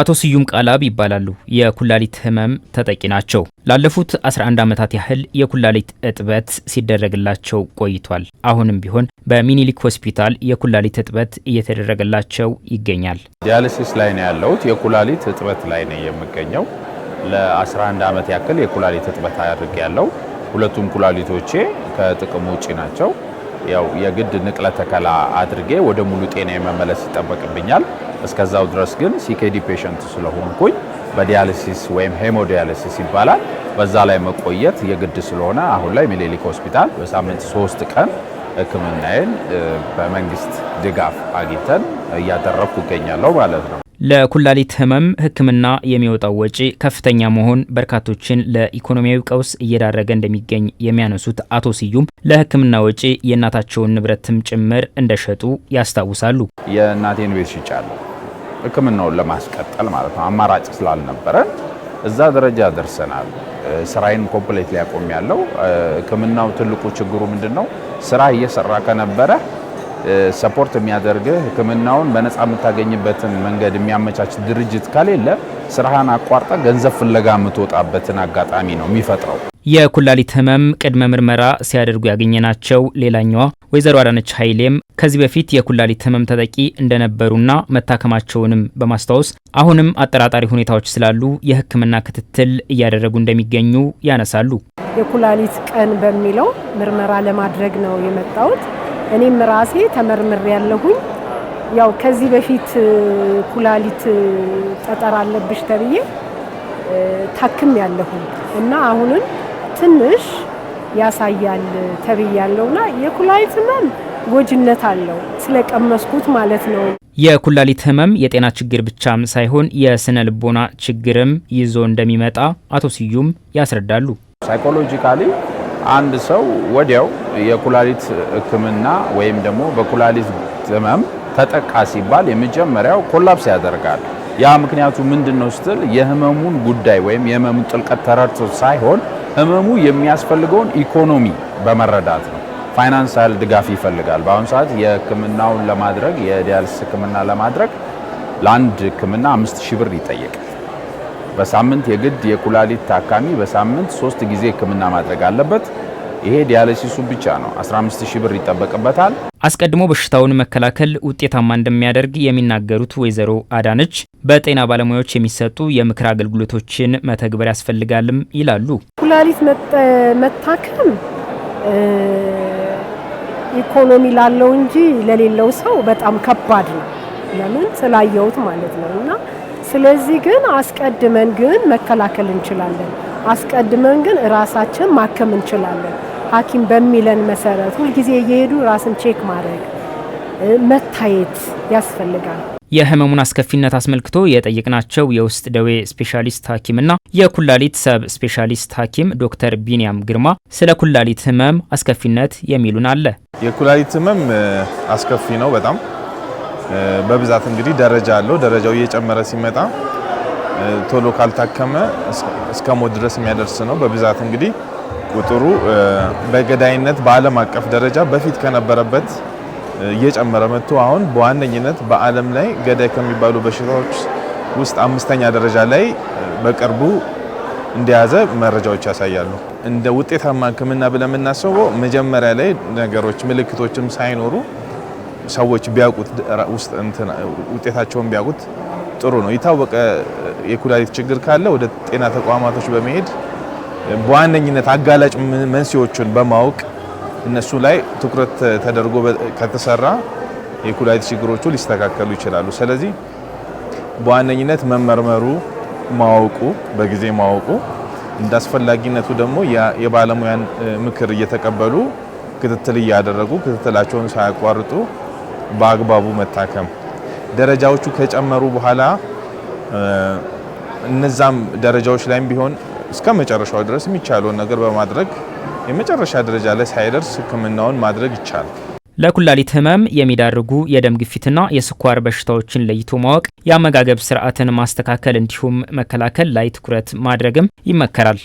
አቶ ስዩም ቃላብ ይባላሉ። የኩላሊት ህመም ተጠቂ ናቸው። ላለፉት 11 ዓመታት ያህል የኩላሊት እጥበት ሲደረግላቸው ቆይቷል። አሁንም ቢሆን በሚኒሊክ ሆስፒታል የኩላሊት እጥበት እየተደረገላቸው ይገኛል። ዲያሊሲስ ላይ ነው ያለሁት። የኩላሊት እጥበት ላይ ነው የምገኘው። ለ11 ዓመት ያክል የኩላሊት እጥበት አድርግ ያለው ሁለቱም ኩላሊቶቼ ከጥቅም ውጪ ናቸው። ያው የግድ ንቅለ ተከላ አድርጌ ወደ ሙሉ ጤና የመመለስ ይጠበቅብኛል። እስከዛው ድረስ ግን ሲኬዲ ፔሸንት ስለሆንኩኝ በዲያሊሲስ ወይም ሄሞዲያሊሲስ ይባላል። በዛ ላይ መቆየት የግድ ስለሆነ አሁን ላይ ሚሌሊክ ሆስፒታል በሳምንት ሶስት ቀን ህክምናዬን በመንግስት ድጋፍ አግኝተን እያደረግኩ እገኛለሁ ማለት ነው። ለኩላሊት ህመም ህክምና የሚወጣው ወጪ ከፍተኛ መሆን በርካቶችን ለኢኮኖሚያዊ ቀውስ እየዳረገ እንደሚገኝ የሚያነሱት አቶ ስዩም ለህክምና ወጪ የእናታቸውን ንብረትም ጭምር እንደሸጡ ያስታውሳሉ። የእናቴን ቤት ሽጫለሁ፣ ህክምናውን ለማስቀጠል ማለት ነው። አማራጭ ስላልነበረን እዛ ደረጃ ደርሰናል። ስራዬን ኮምፕሌት ሊያቆም ያለው ህክምናው ትልቁ ችግሩ ምንድን ነው? ስራ እየሰራ ከነበረ ሰፖርት የሚያደርግህ ህክምናውን በነፃ የምታገኝበትን መንገድ የሚያመቻች ድርጅት ከሌለ ስራህን አቋርጠ ገንዘብ ፍለጋ የምትወጣበትን አጋጣሚ ነው የሚፈጥረው። የኩላሊት ህመም ቅድመ ምርመራ ሲያደርጉ ያገኘናቸው ሌላኛዋ ወይዘሮ አዳነች ኃይሌም ከዚህ በፊት የኩላሊት ህመም ተጠቂ እንደነበሩና መታከማቸውንም በማስታወስ አሁንም አጠራጣሪ ሁኔታዎች ስላሉ የህክምና ክትትል እያደረጉ እንደሚገኙ ያነሳሉ። የኩላሊት ቀን በሚለው ምርመራ ለማድረግ ነው የመጣሁት። እኔም ራሴ ተመርምሬ ያለሁኝ ያው ከዚህ በፊት ኩላሊት ጠጠር አለብሽ ተብዬ ታክም ያለሁኝ እና አሁንም ትንሽ ያሳያል ተብዬ ያለውና የኩላሊት ህመም ጎጅነት አለው ስለቀመስኩት ማለት ነው። የኩላሊት ህመም የጤና ችግር ብቻም ሳይሆን የስነ ልቦና ችግርም ይዞ እንደሚመጣ አቶ ስዩም ያስረዳሉ። ሳይኮሎጂካሊ አንድ ሰው ወዲያው የኩላሊት ሕክምና ወይም ደግሞ በኩላሊት ህመም ተጠቃ ሲባል የመጀመሪያው ኮላፕስ ያደርጋል። ያ ምክንያቱ ምንድን ነው ስትል የህመሙን ጉዳይ ወይም የህመሙን ጥልቀት ተረድቶ ሳይሆን ህመሙ የሚያስፈልገውን ኢኮኖሚ በመረዳት ነው። ፋይናንሳል ድጋፍ ይፈልጋል። በአሁኑ ሰዓት የህክምናውን ለማድረግ የዲያልስ ህክምና ለማድረግ ለአንድ ህክምና አምስት ሺህ ብር ይጠየቃል። በሳምንት የግድ የኩላሊት ታካሚ በሳምንት ሶስት ጊዜ ህክምና ማድረግ አለበት። ይሄ ዲያሊሲሱ ብቻ ነው። 15 ሺህ ብር ይጠበቅበታል። አስቀድሞ በሽታውን መከላከል ውጤታማ እንደሚያደርግ የሚናገሩት ወይዘሮ አዳነች በጤና ባለሙያዎች የሚሰጡ የምክር አገልግሎቶችን መተግበር ያስፈልጋልም ይላሉ። ኩላሊት መታከም ኢኮኖሚ ላለው እንጂ ለሌለው ሰው በጣም ከባድ ነው። ለምን ስላየሁት ማለት ነው እና ስለዚህ ግን አስቀድመን ግን መከላከል እንችላለን። አስቀድመን ግን ራሳችን ማከም እንችላለን። ሐኪም በሚለን መሰረት ሁልጊዜ እየሄዱ ራስን ቼክ ማድረግ መታየት ያስፈልጋል። የህመሙን አስከፊነት አስመልክቶ የጠየቅናቸው የውስጥ ደዌ ስፔሻሊስት ሐኪምና የኩላሊት ሰብ ስፔሻሊስት ሐኪም ዶክተር ቢንያም ግርማ ስለ ኩላሊት ህመም አስከፊነት የሚሉን አለ። የኩላሊት ህመም አስከፊ ነው በጣም በብዛት እንግዲህ ደረጃ አለው። ደረጃው እየጨመረ ሲመጣ ቶሎ ካልታከመ እስከ ሞት ድረስ የሚያደርስ ነው። በብዛት እንግዲህ ቁጥሩ በገዳይነት በዓለም አቀፍ ደረጃ በፊት ከነበረበት እየጨመረ መጥቶ አሁን በዋነኝነት በዓለም ላይ ገዳይ ከሚባሉ በሽታዎች ውስጥ አምስተኛ ደረጃ ላይ በቅርቡ እንደያዘ መረጃዎች ያሳያሉ። እንደ ውጤታማ ሕክምና ብለን የምናስበው መጀመሪያ ላይ ነገሮች ምልክቶችም ሳይኖሩ ሰዎች ቢያውቁት ውስጥ ውጤታቸውን ቢያውቁት ጥሩ ነው። የታወቀ የኩላሊት ችግር ካለ ወደ ጤና ተቋማቶች በመሄድ በዋነኝነት አጋላጭ መንስኤዎቹን በማወቅ እነሱ ላይ ትኩረት ተደርጎ ከተሰራ የኩላሊት ችግሮቹ ሊስተካከሉ ይችላሉ። ስለዚህ በዋነኝነት መመርመሩ፣ ማወቁ፣ በጊዜ ማወቁ እንደ አስፈላጊነቱ ደግሞ የባለሙያን ምክር እየተቀበሉ ክትትል እያደረጉ ክትትላቸውን ሳያቋርጡ በአግባቡ መታከም። ደረጃዎቹ ከጨመሩ በኋላ እነዛም ደረጃዎች ላይም ቢሆን እስከ መጨረሻው ድረስ የሚቻለውን ነገር በማድረግ የመጨረሻ ደረጃ ላይ ሳይደርስ ሕክምናውን ማድረግ ይቻላል። ለኩላሊት ህመም የሚዳርጉ የደም ግፊትና የስኳር በሽታዎችን ለይቶ ማወቅ፣ የአመጋገብ ስርዓትን ማስተካከል እንዲሁም መከላከል ላይ ትኩረት ማድረግም ይመከራል።